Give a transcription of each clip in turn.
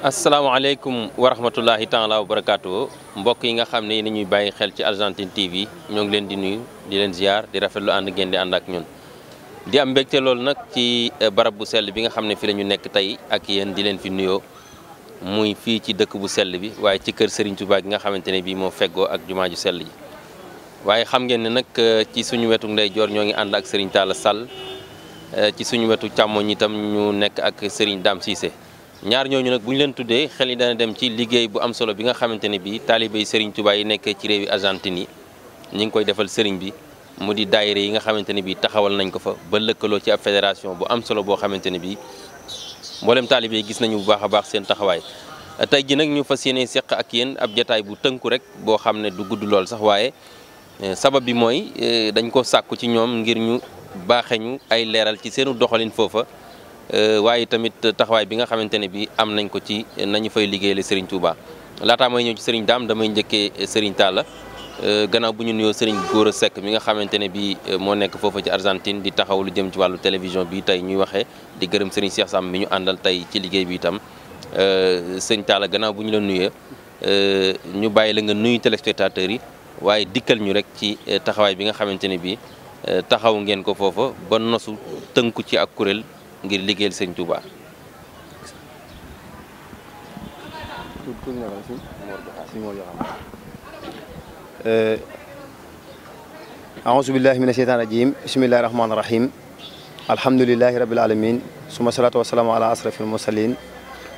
asalaamaaleykum wa rahmatullahi taala wa barakaatu mbokk yi nga xam ne ni ñuy bàyyi xel ci Argentine TV ñoo ngi leen di nuyu di leen ziar di rafetlu ànd ngeen di ànd ak ñun. di am mbégte loolu nag ci eh, barab bu sell bi nga xam ne fi lañu nekk tey ak yéen di leen fi nuyoo muy fii ci dëkk bu sell bi waaye ci kër Serigne Touba gi nga xamante ne bii moo fegoo ak jumaa ju sell ji. waaye xam ngeen ne nag eh, ci suñu wetu ndeyjoor ñoo ngi ànd ak Serigne Talla Sall eh, ci suñu wetu càmmoñ itam ñu nekk ak Serigne Dame Cissé. ñaar ñooñu nag bu ñu leen tuddee xel ni dana dem ci liggéey bu am solo bi nga xamante ne bii taalibey Serigne Touba yi nekkee ci réewi Argentine yi ñi ngi koy defal Serigne bi mu di daayira yi nga xamante ne bii taxawal nañ ko fa ba lëkkaloo ci ab fédération bu am solo boo xamante ne bii mboolem taalibe gis nañu bu baax a baax seen taxawaay. tey ji nag ñu fa yéene seq ak yéen ab jataay bu tënku rek boo xam ne du gudd lool sax waaye e, sabab bi mooy e, dañ ko sàkku ci ñoom ngir ñu baaxe ay leeral ci seenu doxalin foofa. Euh, waaye tamit taxawaay bi nga xamante ne bi am nañ ko ci nañu fay liggéeyale Serigne Touba laataa may ñëw ci Serigne Dame damay njëkkee euh, Serigne Talla euh, gannaaw bu ñu nuyoo Serigne Gora Seck mi nga xamante ne bi moo nekk foofa ci Argentine di taxaw lu jëm ci wàllu télévision bi tey ñuy waxee di gërëm Serigne Cheikh Sam mi ñu àndal tey ci liggéey bi itam Serigne Talla gannaaw bu ñu la nuyee ñu bàyyi la nga nuyu téléspectateurs yi waaye dikkal ñu rek ci taxawaay bi nga xamante ne bi taxaw ngeen ko foofa ba nosu tënku ci ak kuréel ngir liggéeyal sëñ Touba. Eh, aouzu billahi mina sheytaani rajim bismillahi rahmaani rahim alhamdulilahi rabil alamin suma salaatu wasalaamu ala asrafil mursalin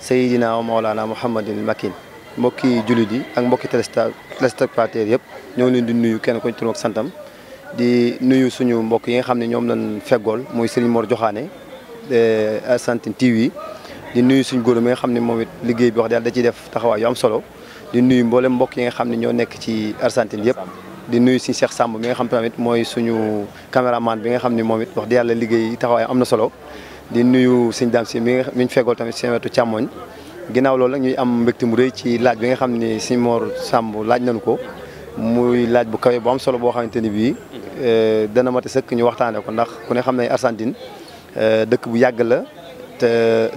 sayidina wa maolana muhammadin makin mbokki jullit yi ak mbokki téléspectateurs yëpp ñoo ngi leen di nuyu kenn ku turam ak santam di nuyu suñu mbokk yi nga xam ne ñoom lañ feggool muy Serigne Mor Joxaane Eh, Argentine yi di nuyu suñ góor mi nga xam ne moom it liggéey bi wax dëgg yàlla da ciy def taxawaay yu am solo di nuyu mboolem mbokk yi nga xam ne ñoo nekk ci Argentine yëpp. di nuyu suñ Cheikh Samb mi nga xam tamit mooy suñu caméraman bi nga xam ni moom it wax dëgg yàlla liggéey taxawaay am na solo di nuyu suñ daam si mi nga mi ñu feggool tamit seen wetu càmmoñ ginnaaw loolu nag ñuy am mbekk mu rëy ci laaj bi nga xam ne suñ Mor Samb laaj nañu ko muy laaj bu kawe bu solo boo xamante ni bii eh, dana mate sëkk ñu waxtaanee ko ndax ku ne xam ne Argentine Euh, dëkk bu yàgg la te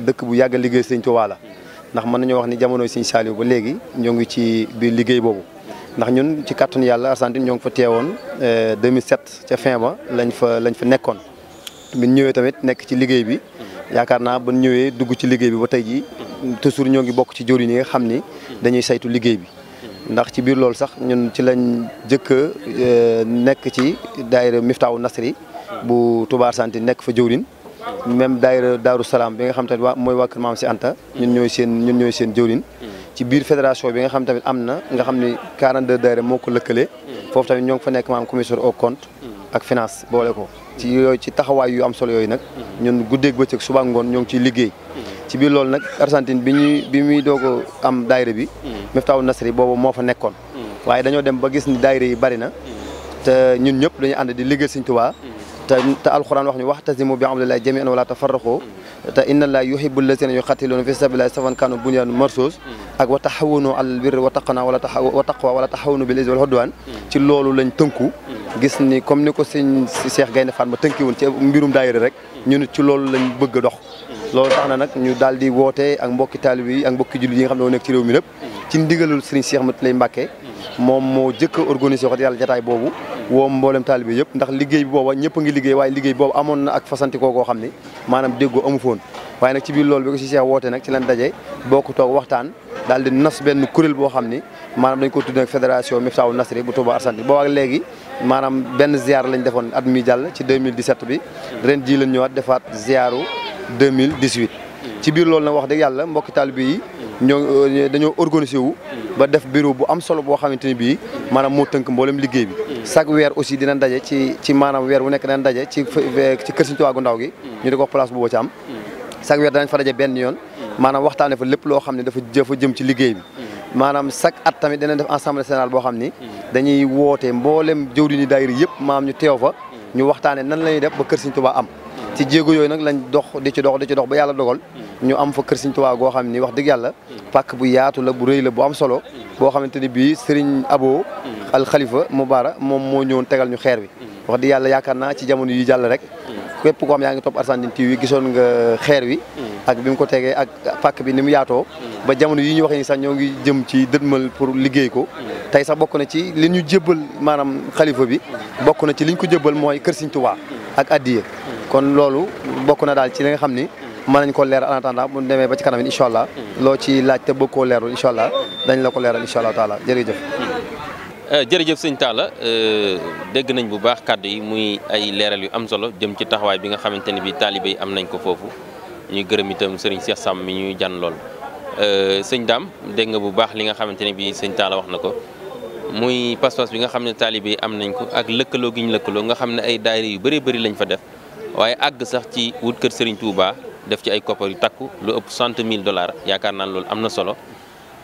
dëkk bu yàgg liggéey sëñ Tuubaa la ndax mën nañoo wax ni jamono sëñ Saaliw ba léegi ñoo ngi ci biir liggéey boobu ndax ñun ci kàttanu yàlla Argentine ñoo ngi fa teewoon 2007 euh, ca fin ba lañ fa lañ fa nekkoon bi ñëwee tamit nekk ci liggéey bi yaakaar naa ba ñëwee dugg ci liggéey bi ba tey jii toujours ñoo ngi bokk ci jëwriñ yi nga xam ni dañuy saytu liggéey bi ndax ci biir loolu sax ñun ci lañ jëkk euh, nekk ci daayira Miftaawu Nasri bu tubaa Argentine nekk fa jëwriñ même daayira daaru salaam bi nga xam tamit waa mooy waa kër maam si Anta. ñun ñooy seen ñun ñooy seen jëwriñ hmm. ci biir fédération bi nga xam tamit am na nga xam ni 42 daayira moo ko lëkkale. Hmm. foofu tamit ñoo ngi fa nekk maam commissaire au compte. Hmm. ak finance boole ko. ci yooyu ci taxawaay yu solo yooyu nag. ñun guddeeg bëccëg suba ngoon ñoo ngi ciy liggéey. ci biir loolu nag Argentine bi ñuy bi muy doog a am daayira bi. Miftaawu Nasri boobu moo fa nekkoon. waaye dañoo dem ba gis ni daayira yi bari na. te ñun ñëpp dañuy ànd di liggéey Sëñ Tuubaa te te alxuraan wax ñu waxtasimu bi hablillahi jami'an wala tafarraqu te inna allaha yuhibbu allazina yuqatiluna fi sabilillahi safan kanu bunyanun marsus ak wa taxawunu alal birri wa taqna wala wa taqwa wala taxawunu bil ismi wal udwan ci loolu lañ tënku gis ni comme ni ko sëñ Cheikh Gaynde ma tënki woon ci mbirum daayira rek ñu nit ci loolu lañ bëgg dox loolu tax na nag ñu daal di woote ak mbokki taalibe yi ak mbokki jullit yi nga xam ne moo nekk ci réew mi lépp ci ndigalul Serigne Cheikh Mat lay Mbacke moom moo jëkk a organisé wax yàlla jataay boobu woo mboolem taalibe yëpp ndax liggéey bi booba ñëpp ngi liggéey waaye liggéey boobu amoon na ak fasantikoo koo xam ne maanaam déggoo amu foon waaye nag ci biir loolu bi ko si Cheikh woote nag ci leen daje bokk toog waxtaan daal di nas benn kuréel boo xam ni maanaam dañ ko tudd nag fédération Miftaahul Nasri bu Touba Arsanti boobu ak léegi maanaam benn ziar lañ defoon at mi jàll ci 2017 bi ren jii lañ ñëwaat defaat ziaru 2018 ci biir loolu nag wax dëgg yàlla mbokki taalibe yi ñoo euh, dañoo organisé wu ba def bureau bu am solo boo xamante ni bii maanaam moo tënk mboolem liggéey bi chaque weer aussi dinañ daje ci ci maanaam weer wu nekk dinañ daje ci ci kër Sëriñ ndaw gi ñu di ko wax place boobu ci am chaque weer danañ fa daje benn yoon maanaam waxtaane fa lépp loo xam ne dafa dafa jëm ci liggéey bi maanaam chaque at tamit danañ def assemblée générale boo xam ni dañuy woote mboolem jëwriñu daayira yëpp maam ñu teew fa ñu waxtaane nan lañuy def ba kër Sëriñ Tuubaa am ci jéego yooyu nag lañ dox di ci dox di ci dox ba yàlla dogal ñu am fa kër goo xam ni wax dëgg yàlla pakk bu yaatu la bu rëy la bu am solo boo xamante ni bii Sëriñ aboo alxalifa Mubara moom moo ñëwoon tegal ñu xeer bi wax dëgg yàlla yaakaar naa ci jamono yi jàll rek képp ko xam yaa ngi topp Argentine TV gisoon nga xeer wi ak bi mu ko tegee ak pàkk bi ni mu yaatoo ba jamono yi ñu waxee ni sax ñoo ngi jëm ci dëdmal pour liggéey ko tey sax bokk na ci li ñu jébbal maanaam xalifa bi bokk na ci liñ ko jëbal mooy kër Sëriñ ak addiya kon loolu bokk na daal ci li nga xam ni mën nañ ko leeral en attendant bu demee ba ci kanam incha allah loo ci laaj te bëgg koo leerul incha allah dañ la ko leeral incha allah taala jërëjëf euh, jërëjëf sëñ Talla euh, dégg nañ bu baax kàddu yi muy ay leeral yu am solo jëm ci taxawaay bi nga xamante ne bi taalibe yi am nañ ko foofu ñuy gërëm itam sëriñ Cheikh Sam mi ñuy jan lool euh, sëñ Dame dégg nga bu baax li nga xamante ne bi sëñ Talla wax na ko muy pas-pas bi nga xam ne taalibe am nañ ko ak lëkkaloo gi ñu lëkkaloo nga xam ne ay daayira yu bëri bëri lañ fa def waaye àgg sax ci wut kër Serigne Touba def ci ay koppar yu takku lu ëpp cent yaakaar naa loolu am na solo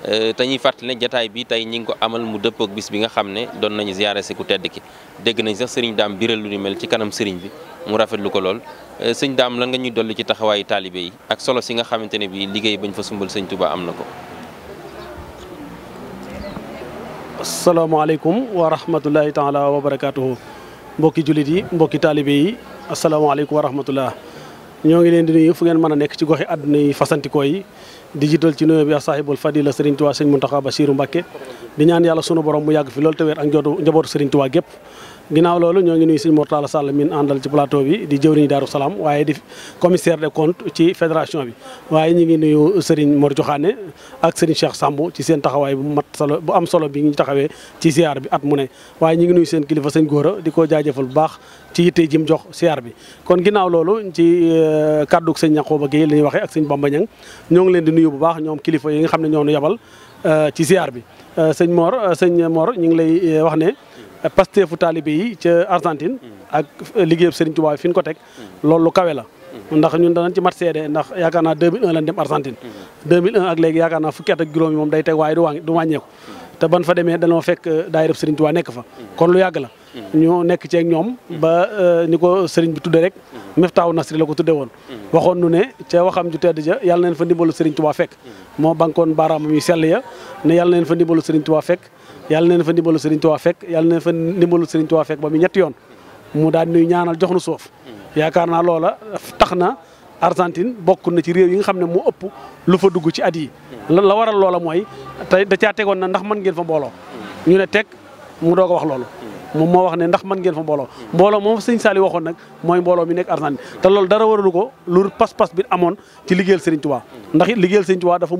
euh, te ñuy fàttali ne jataay bi tey ñi ngi ko amal mu dëppook bis bi nga xam ne doon nañu ziyaare si ku tedd ki dégg nañ sax Serigne Dame biral lu ni mel ci kanam Serigne bi mu lu ko lool euh, sëñ daam lan nga ñuy dolli ci taxawaayu taalibe yi ak solo si nga xamante ne bii liggéey bañ fa sumbal sëñ Touba am na ko. asalaamaaleykum wa rahmatulahi taala mbokki jullit yi mbokki taalibe yi asalaamaaleykum wa rahmatullah ñoo ngi leen di nuyu fu ngeen mën a nekk ci goxi àdduna yi fasantikoo yi di jiital ci nuyoo bi ak saahibul fadila Serigne Touba Serigne Mountakha Bassirou Mbacké di ñaan yàlla sunu borom mu yàgg fi loolu te wér ak njabootu Serigne Touba gépp ginnaaw loolu ñoo ngi nuyu sëñ Mortala Sall min àndal ci plateau bi di jëwriñu Daaru Salaam waaye di commissaire des comptes ci fédération bi waaye ñu ngi nuyu Serigne moor Joxaane ak Serigne Cheikh Samb ci seen taxawaay bu mat solo bu am solo bi ñu taxawee ci ziar bi at mu ne waaye ñu ngi nuyu seen kilifa sëñ Góora di ko jaajafal bu baax ci yitte jim jox ziar bi kon ginnaaw loolu ci euh, kàddug sëñ ba Géey la ñuy waxee ak sëñ Bamba Ñang ñoo ngi leen di nuyu bu baax ñoom kilifa yi nga xam ne ñoo nu yabal euh, ci ziar bi euh, sëñ Mor sëñ Mor ñu ngi lay wax ne pasteefu taalibe yi ca Argentine. ak liggéeyub Serigne Touba fi ko teg. loolu lu kawe la. ndax ñun danañ ci mat seede ndax yaakaar naa 2001 lañ dem Argentine. 2001 ak léegi yaakaar naa fukki at ak juróom yi moom day teg waaye du wàññi du te ban fa demee danoo fekk euh, daayira Serigne Touba nekk fa. kon lu yàgg la. ñu nekk ceeg ñoom ba euh, ni ko Serigne bi tuddee rek. Miftaahu Nasri la ko tuddee woon. waxoon nu ne ca waxam ju tedd ja yàlla na leen fa ndimbalu Serigne yàlla na fa ndimbalu Serigne Touba fekk yàlla na leen fa ndimbalu Serigne Touba fekk ba mu ñetti yoon mu daal nuy ñaanal jox nu suuf yaakaar naa loola tax na Argentine bokk na ci réew yi nga xam ne moo ëpp lu fa dugg ci at yi la waral loola mooy tey da caa tegoon na ndax man ngeen fa mbooloo ñu ne teg mu doog a wax loolu moom moo wax ne ndax man ngeen fa mbooloo mbooloo moom sëñ Saali waxoon nag mooy mbooloo mi nekk Argentine te loolu dara waralu ko lu pas-pas bi amoon ci liggéeyal Sëriñ Tuubaa ndax liggéeyal Sëriñ Tuubaa dafa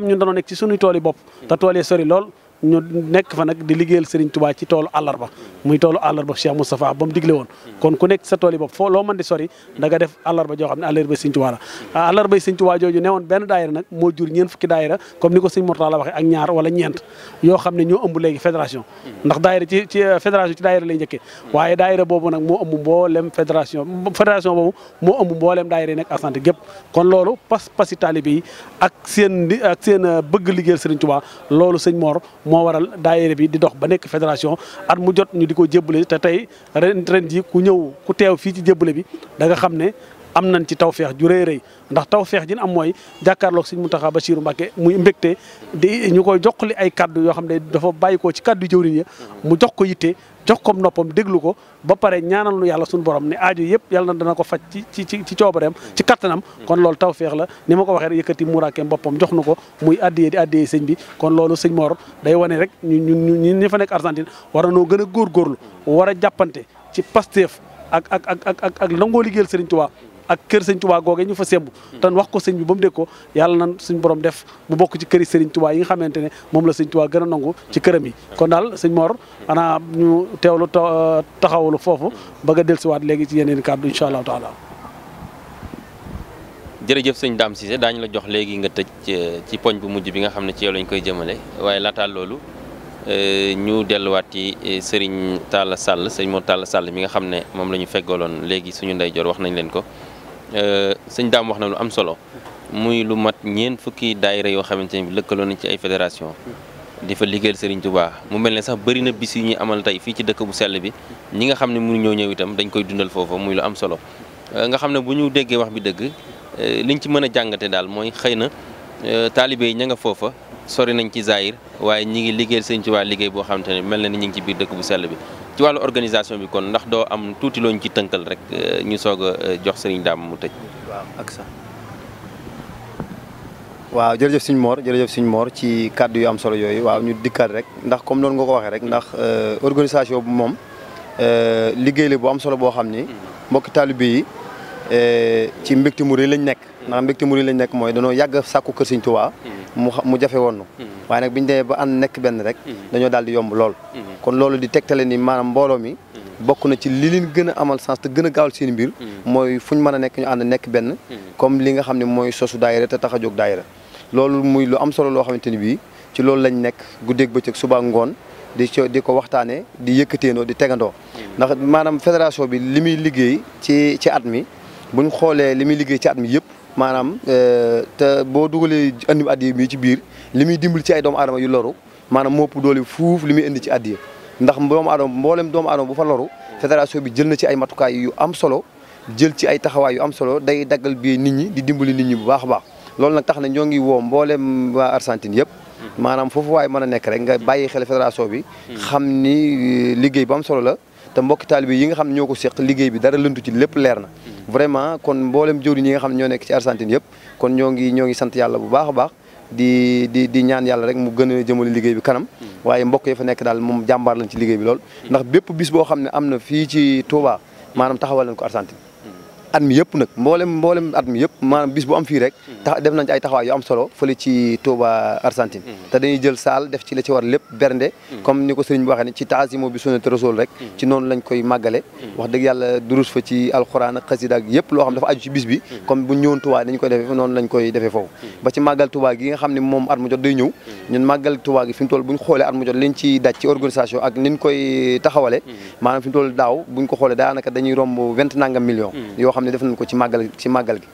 ñun dañoo nekk ci suñuy tool bopp te tool sori lool ñu nekk fa nag di liggéeyal Serigne Touba ci toolu àllarba muy toolu àllarba Cheikh Moustapha ba digle woon kon ku nekk sa tool yi bopp foo loo mën di sori da nga def àllarba joo xam ne àllarbay Serigne Touba la ah, àllarbay Serigne woon benn daayira nag moo jur ñeent fukki daayira comme ni ko Serigne Mortala waxee ak ñaar wala ñeent ndax daayira ci ci euh, fédération ci daayira lay njëkkee waaye daayira boobu nag moo ëmb mboolem fédération moo ëmb mboolem daayira yi nekk asante gépp kon loolu pas pasi taalibe yi ak seen ak seen euh, bëgg liggéeyal Serigne Touba loolu Serigne Mor moo waral daayira bi di dox ba nekk fédération at mu jot ñu di ko jébbale te tey ren ji ku ñëw ku teew fii ci jébbale bi da nga xam ne am nañ ci taw tawfeex ju rey rëy ndax tawfeex ji ñu am mooy mu sëñ ba siiru Mbàkke muy mbégte di ñu koy joxli ay kaddu yoo xam ne dafa bàyyi ko ci kaddu jëwriñ ya mu jox ko yitte jox ko noppam déglu ko ba pare ñaanal lu yàlla suñu borom ne aajo yëpp yàlla na dana ko faj ci ci ci coobareem ci kattanam kon loolu tawfeex la ni ma ko waxee rek yëkkati muuraakeem boppam jox na ko muy addiyee di addiyee sëñ bi kon loolu sëñ Mor day wane rek ñun ñun ñi fa nekk Argentine war noo gën a góorgóorlu war a jàppante ci Pastef ak ak ak ak ak nangoo liggéeyal Sëriñ ak kër sëñ tubaa googe ñu fa semb tan wax ko sëñ bi ba mu dégg ko yàlla na suñ borom def mu bokk ci këri sëriñ tubaa yi nga xamante ne moom la sëñ tubaa a nangu ci këram yi kon daal sëñ Mor ana ñu teewlu taxawalu foofu ba nga dellusiwaat léegi ci yeneen kàddu incha allahu taala sëñ Dame Cissé daañu la jox léegi nga tëj ci poñ bu mujj bi nga xam ne ci yow lañ koy jëmale waaye laataa loolu euh, ñu delluwaat ci euh, sëriñ Talla Sall sëñ Mor Talla Sall mi nga xam ne moom la ñu feggaloon léegi suñu ndeyjoor wax nañ leen ko Euh, sëñ daam wax na lu am solo muy lu mat ñeen fukki daayre yoo xamante ne bi lëkkaloo nañ ci ay fédération di fa liggéeyal Serigne Touba mu mel ne sax bari na bis yi ñuy amal tey fii ci dëkk bu sell bi ñi nga xam ne mënu ñoo ñëw itam dañ koy dundal foofa muy lu am solo euh, nga xam ne bu ñu déggee wax bi dëgg euh, liñ ci mën a jàngate daal mooy xëy na taalibe yi ña nga foofa sori nañ ci zaayir waaye ñi ngi liggéeyal Serigne Touba liggéey boo xamante ne mel na ni ñu ngi ci biir dëkk bu sell bi ci wàllu organisation bi kon ndax doo am tuuti looñu ci tënkal rek euh, ñu soog a euh, jox sëriñ daam mu tëj. waaw ak sax waaw jërëjëf suñ moor jërëjëf suñ Mor ci kàddu yu am solo yooyu waaw ñu dikkaat rek ndax comme noonu nga ko waxee rek ndax euh, organisation bu moom liggéey la bu am solo boo xam ni mm-hmm. mbokki taalibe yi Eh, ci mbégte mu rëy lañ nekk ndax mbégte mu rëy lañ nekk mooy danoo yàgg sàkku kër Sëriñ Tuubaa hmm. mu mu jafe woon nu hmm. waaye nag ñu demee ba ànd nekk benn rek hmm. dañoo daal di yomb lool kon loolu di tegtale ni maanaam mbooloo mi bokk na ci li leen gën a amal sens te gën a gaawal seen mbir mooy fu ñu mën a nekk ñu ànd nekk benn comme li nga xam ne mooy sosu daayira te tax a jóg daayira loolu muy lu am solo loo xamante ni bii ci loolu lañ nekk guddeeg bëccëg suba ngoon di co di ko waxtaanee di yëkkateendoo di tegandoo ndax maanaam fédération bi li muy liggéey ci ci at mi bu ñu xoolee li muy liggéey ci at mi yëpp maanaam euh, te boo dugalee andi addiya mii ci biir li muy dimbali ci ay doomu aadama yu loru maanaam moo ëpp doole fuuf li muy indi ci addiya ndax doomu aadama mboolem doomu aadama bu fa loru fédération bi jël na ci ay matukaay yu am solo jël ci ay taxawaay yu am solo day daggal bi nit ñi di dimbali nit ñi bu baax a baax loolu nag tax na ñoo ngi woo mbooleem waa Argentine yëpp maanaam foofu waaye mën a nekk rek nga bàyyi xel fédération bi xam ni euh, liggéey bu solo la te mbokki taalibe yi nga xam ne ñoo ko seq liggéey bi dara lëntu ci lépp leer na vraiment kon mboolem jëwriñ ñi nga xam ñoo nekk ci Argentine yëpp kon ñoo ngi ñoo ngi sant yàlla bu baax a baax di ñaan yàlla rek mu gën a jëmale liggéey bi kanam waaye mbokk yi fa nekk daal moom jàmbaar lañ ci liggéey bi lool ndax bépp bis boo xam ne am na fii ci Touba maanaam taxawal nañ ko Argentine at mi yëpp nag mboolem mboolem at mi yëpp maanaam bis bu am fii rek tax def nañ ci ay taxawaay yu am solo fële ci Touba Argentine mm-hmm. te dañuy jël saal def ci la ci war lépp bernde mm-hmm. comme ni ko sëriñ bi waxee ne ci taasimo bi sunnat mm-hmm. koy màggale wax dëgg yàlla durus fa ci alxuraan ak yëpp loo xam dafa aju ci bis bi comme bu ñëwoon Touba dañ koy defee noonu lañ koy defee foofu ba ci màggal Touba gi nga xam ne moom at mu jot day ñëw ñun màggal Touba gi fi mu toll buñ xoolee at mu jot liñ ci daj ci organisation ak niñ koy taxawale maanaam fi mu daaw buñ ko xoolee daanaka dañuy romb vingt nangam million yoo xam ne def nañ ko ci màggal ci màggal gi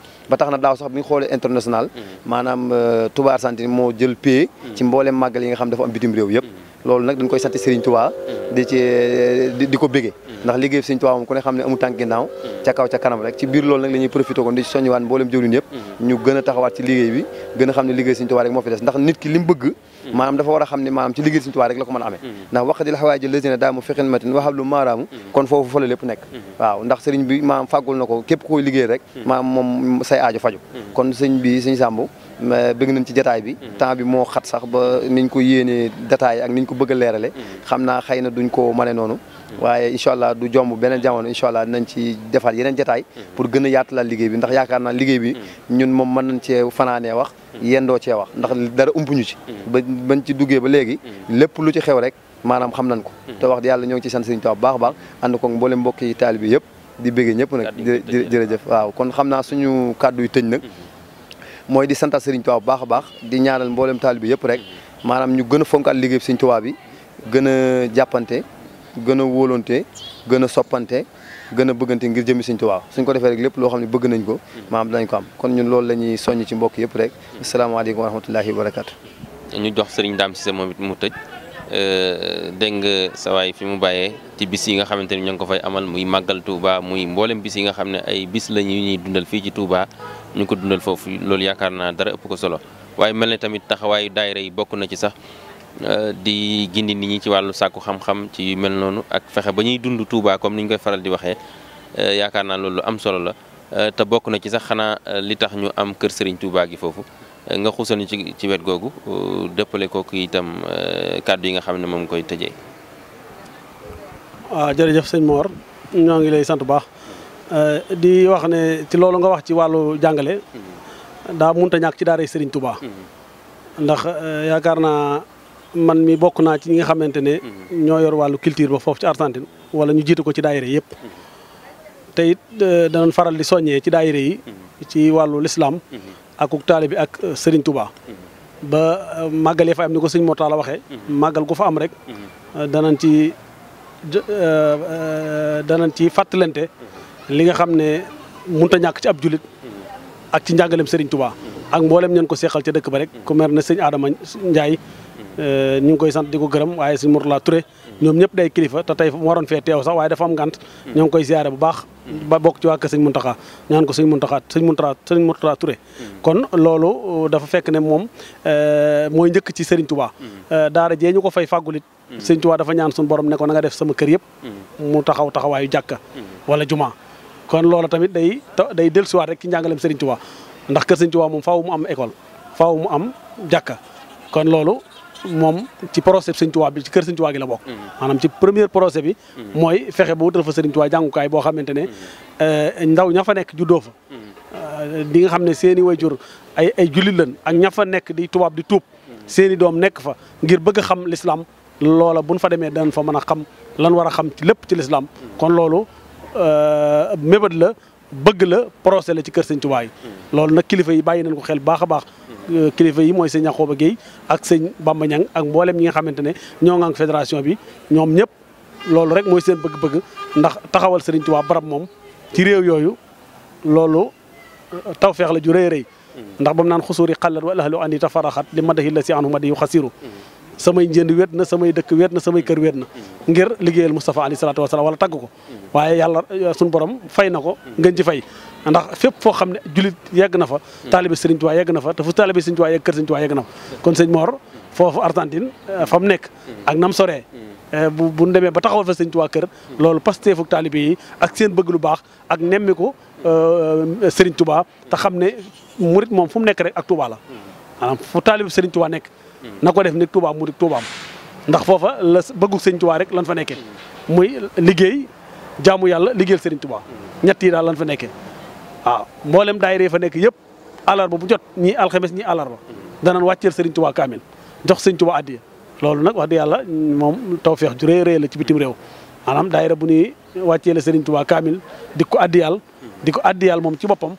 national maanaam euh, Touba Argentine moo jël pay ci mbooleem màggal yi nga xam dafa am bitim réew yëpp loolu nag dañ koy sant Serigne Touba di ci di ko bége ndax liggéey Serigne Touba moom ku ne xam ne amu tànk ca kaw ca kanam rek ci biir loolu nag la ñuy profité koon di soññiwaat mbooleem jëwriñ yëpp ñu gën a taxawaat ci liggéey bi gën a xam ne liggéey Serigne Touba rek moo fi des ndax nit ki li bëgg maanaam dafa war a xam ne maanaam ci liggéey Sëriñ Tuubaa rek la ko mën a amee ndax waqatil xawaaji lazina daamu fi xidmatin wa hablu maaraamu kon foofu fa la lépp nekk waaw ndax sëriñ bi maam fàggul na ko képp ko liggéey rek maanaam moom say ajo faju kon sëriñ bi sëriñ Sàmbu bëgg nañ ci jataay bi temps bi moo xat sax ba niñ ko yéenee détail ak niñ ko bëgg a leerale xam naa xëy na duñ ko mane noonu waaye incha allah du jomb beneen jamono incha allah dinañ ci defar yeneen jataay pour gën yaatalaal liggéey bi ndax yaakaar naa liggéey bi ñun moom mën nañ cee fanaanee wax yendoo cee wax ndax dara umpuñu ci ba bañ ci duggee ba léegi lépp lu ci xew rek maanaam xam nañ ko te wax di yàlla ñoo ci sant Sëriñ Tuubaa baax baax ànd ko mboolem mbokk yi taali bi yëpp di bëggee ñëpp nag jërëjëf waaw kon xam naa suñu kàddu yu tëj nag mooy di santal Sëriñ Tuubaa bu baax a di ñaanal mboolem taali bi yëpp rek maanaam ñu gën a fonkaat liggéey Sëriñ Tuubaa bi gën a jàppante gën a wóolonte gën a soppante gën a bëggante ngir jëmi Sëñ Tuubaa suñ ko defee rek lépp loo xam ne bëgg nañ ko am dinañ ko am kon ñun loolu la ñuy soññ ci mbokk yëpp rek asalaamaaleykum wa rahmatullahi wa barakaatu ñu jox Sëriñ Dame Cissé moom it mu tëj dégg nga sa waay fi mu bàyyee ci bis yi nga xamante ni ñoo ngi ko fay amal muy màggal Touba muy mboolem bis yi nga xam ne ay bis la ñu ñuy dundal fii ci Touba ñu ko dundal foofu loolu yaakaar naa dara ëpp ko solo waaye mel ne tamit taxawaayu daayira yi bokk na ci sax Euh, di gindi ni ñi ci wàllu sàkku xam-xam ci mel noonu ak fexe ba ñuy dund tuubaa comme ni ñu koy faral di waxee euh, yaakaar naa loolu am solo la euh, te bokk na ci sax xanaa li tax ñu am kër sëriñ tuubaa gi foofu nga xuusal ñu ci ci wet googu dëppale kooku itam kàddu yi nga xam ne moom koy tëjee. waaw ah, jërëjëf sëñ Mor ñoo ngi lay sant bu baax di wax ne ci loolu nga wax ci wàllu jàngale mm-hmm. daa munta ñàkk ci daara Serigne Touba mm-hmm. ndax yaakaar naa. man mi bokk naa ci ñi nga xamante ne. Mhm. ñoo yor wàllu culture ba foofu ci Argentine wala ñu jiitu ko ci daayira yëpp. Mhm. te it euh, danañ faral di soññee ci daayira yi. Mhm. ci wàllu lislaam ak taalibe bi ak euh, Serigne Touba. ba euh, màggal fa am ni ko sëñ Mor Talla waxee. màggal ko fa am rek. danañ ci danañ ci fàttalante li nga xam ne mënut a ñàkk ci ab julit ak ci njàngaleem Serigne Touba. ak mboolem ñeen ko seexal ca dëkk ba rek ku mer na sëñ Adama Ndiaye. Euh, ñu ngi koy sant di ko gërëm waaye suñu Mourtala Touré ñoom ñëpp day kilifa te tey mu waroon fee teew sax waaye dafa am ngant ñoo ngi koy ziare bu baax ba bokk ci waa kër sëñ Muntaxa ñaan ko sëñ Muntaxa sëñ Muntaxa sëñ Mourtala euh, euh, ñaan suñ borom ne ko na nga def sama kër yëpp mu taxaw taxawaayu jàkka wala jumaa kon loolu tamit day day dellusiwaat rek ci njàngaleem Serigne Touba ndax kër Serigne Touba moom faaw mu am école faaw mu am jàkka kon loolu moom ci procès Sëriñ Tuubaa bi ci kër Sëriñ Tuubaa gi la bokk mm-hmm. maanaam ci premier procès bi mm-hmm. mooy fexe ba wutal fa Sëriñ Tuubaa jàngukaay boo xamante ne mm-hmm. eh, ndaw ña fa nekk juddoo fa eh, di nga xam ne seeni i wayjur ay ay jullit lañ ak ña fa nekk di tubaab di tuub seeni doom nekk fa ngir bëgg xam l'islam loola buñ fa demee danañ fa mën a xam lan war a xam ci lépp ci l'islam kon loolu eh, mébét la bëgg la procès la ci kër sëñ Tuubaa mm. loolu nag kilifa yi bàyyi nañ ko xel baax a baax mm. euh, kilifa yi mooy sëñ Yaxooba Géey ak sëñ Bamba Ñang ak mboolem ñi nga xamante ne ñoo ngang fédération bi ñoom ñëpp loolu rek mooy seen bëgg-bëgg ndax taxawal sëriñ Tuubaa barab moom ci réew yooyu loolu euh, tawfeex la ju rëy rëy mm. ndax ba mu naan xusuuri xallat wa lahlu andi tafaraxat li madahi la si anhu madi yu xasiru samay njënd wet na samay dëkk wet na samay kër wet na ngir liggéeyal Moustapha alayhi salaatu wasalaam wala tagg ko waaye yàlla euh, suñu borom fay na ko ngeen ci fay ndax fépp foo xam ne julit yegg na fa taalibe Sëriñ Tuubaa yegg na fa te fu taalibe Sëriñ kon sëñ Mor foofu Argentine euh, fa mu nekk ak nam soree euh, bu bu demee ba taxawal fa Sëriñ Tuubaa kër loolu pasteefu taalibe yi ak seen bëgg lu baax ak nemmiku Sëriñ Tuubaa te xam ne murit moom fu mu nekk rek ak Tuubaa la maanaam fu taalibe Sëriñ Tuubaa nekk na ko def ni tubaab mu di tubaab ndax foofa la bëggu sëñ tubaa rek lan fa nekkee muy liggéey jaamu yàlla liggéeyal sëriñ tubaa ñett yi daal lan fa nekke waaw mboolem daayira yi fa nekk yëpp alarba bu jot ñii alxames ñii alarba danañ wàcceel sëriñ tubaa kaamil jox sëñ tubaa addiya loolu nag wax dëgg yàlla moom tawfeex ju rëy rëy la ci bitim réew maanaam daayira bu ñuy wàccee la sëriñ tubaa kaamil di ko addiyal di ko addiyal moom ci boppam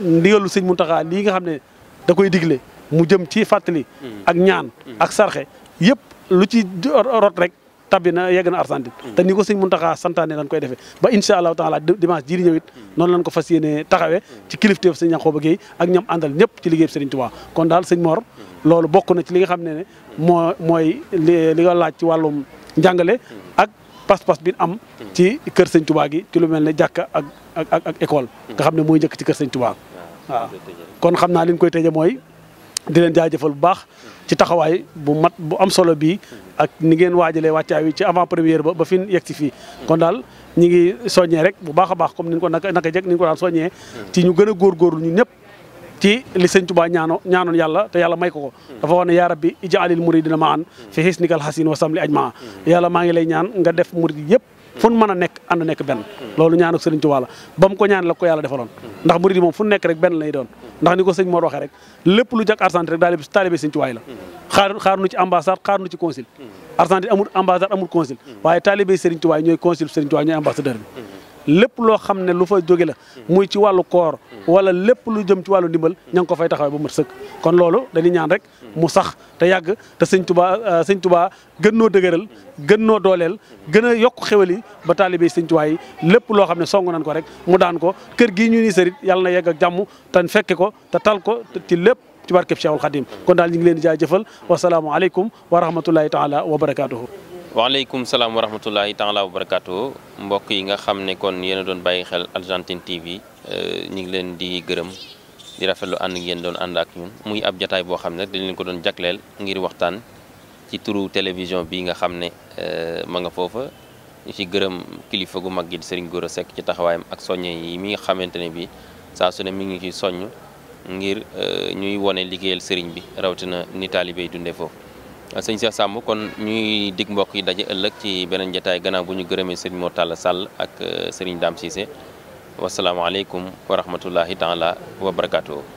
ndigalu sëñ Muntaxa lii nga xam ne da koy digle mu jëm ci fàttali. Mm. ak ñaan mm. ak sarxe yëpp lu ci rot rek tabbi na yegg na Argentine mm. te ni ko sëñ Muntaxa santaane lañ koy defee ba incha allahu taala dimanche jii di ñëw it noonu lañ ko fas yéene taxawee ci kilifteef sëñ Yankhoba Gueye ak ñam àndal ñëpp ci liggéey Sëriñ Tuubaa kon daal sëñ Mor loolu bokk na ci li nga xam ne moo mooy li laaj ci wàllum njàngale ak pas-pas bi am ci kër sëñ Tuubaa gi ci lu mel ne jàkka ak ak ak école nga xam ne mooy njëkk ci kër sëñ Tuubaa waaw kon xam naa li koy tëjee mooy di leen jaajëfal bu baax ci taxawaay bu mat bu am solo bii ak ni ngeen waajalee wàccaay wi ci avant première ba ba fi yegg si fii kon daal ñi ngi soññee rek bu baax a baax comme ni ko naka naka jekk ni ñu ko daan soññee ci ñu gën a góorgóorlu ñun ñëpp ci li sëñ Tuubaa ñaano ñaanoon yàlla te yàlla may ko ko dafa wax ne yaa rabbi ijaalil muridina ma an fi hisnikal hasin wa samli ajmaa yàlla maa ngi lay ñaan nga def murid yëpp fu nu mën a nekk ànd nekk benn loolu ñaan ak sëriñ Tuubaa la ba mu ko ñaan la ko yàlla defaloon ndax murid yi moom fu nekk rek benn lay doon ndax ni ko sëñ Mor waxee rek lépp lu jak Argentine rek daal taalibe sëriñ la xaar xaar nu ci xaar nu ci consul Argentine amul ambassade amul waaye taalibe sëriñ Tuubaa ñooy consul sëriñ Tuubaa ñooy ambassadeur bi lépp loo xam ne lu fa jóge la muy ci wàllu koor wala lépp lu jëm ci wàllu ndimal ña ngi ko fay taxawee ba mat sëkk kon loolu dañuy ñaan rek mu sax te yàgg te sëñ tubaa euh, sëñ gën noo dëgëral gën noo dooleel gën a yokk xewal yi ba taalibe yi sëñ tubaa yi lépp loo xam ne song nañ ko rek mu daan ko kër gii ñu ni sërit yàlla na yegg ak jàmm te fekke ko te tal ko ci lépp ci barkeb Cheikhul Khadim kon daal ñu ngi leen di jëfal wasalaamu aleykum wa rahmatullahi taala wa barakaatuhu waaleykum salaam wa rahmatullahi taala wa mbokk yi nga xam ne kon yéen a doon bàyyi xel Argentine TV euh, ñu ngi leen di gërëm di rafetlu ànd ngeen doon ànd ak ñun muy ab jataay boo xam ne rek leen ko doon jagleel ngir waxtaan ci turu télévision bi nga xam ne euh, ma nga foofa ñu ci gërëm kilifa gu mag gi di Serigne Gora ci taxawaayam ak soññe yi mi nga xamante ne bi saa su ne mi ngi ci soññ ngir euh, ñuy wone liggéeyal sëriñ bi rawatina ni taalibe yi dundee foofu sëñ Cheikh Samb kon ñuy dig mbokk yi daje ëllëg ci beneen jotaay gannaaw bu ñu gërëmee seen Mor Talla Sall ak euh, sëriñ Dame Cissé wasalaamaaleykum wa rahmatullahi taala wa barakaatu.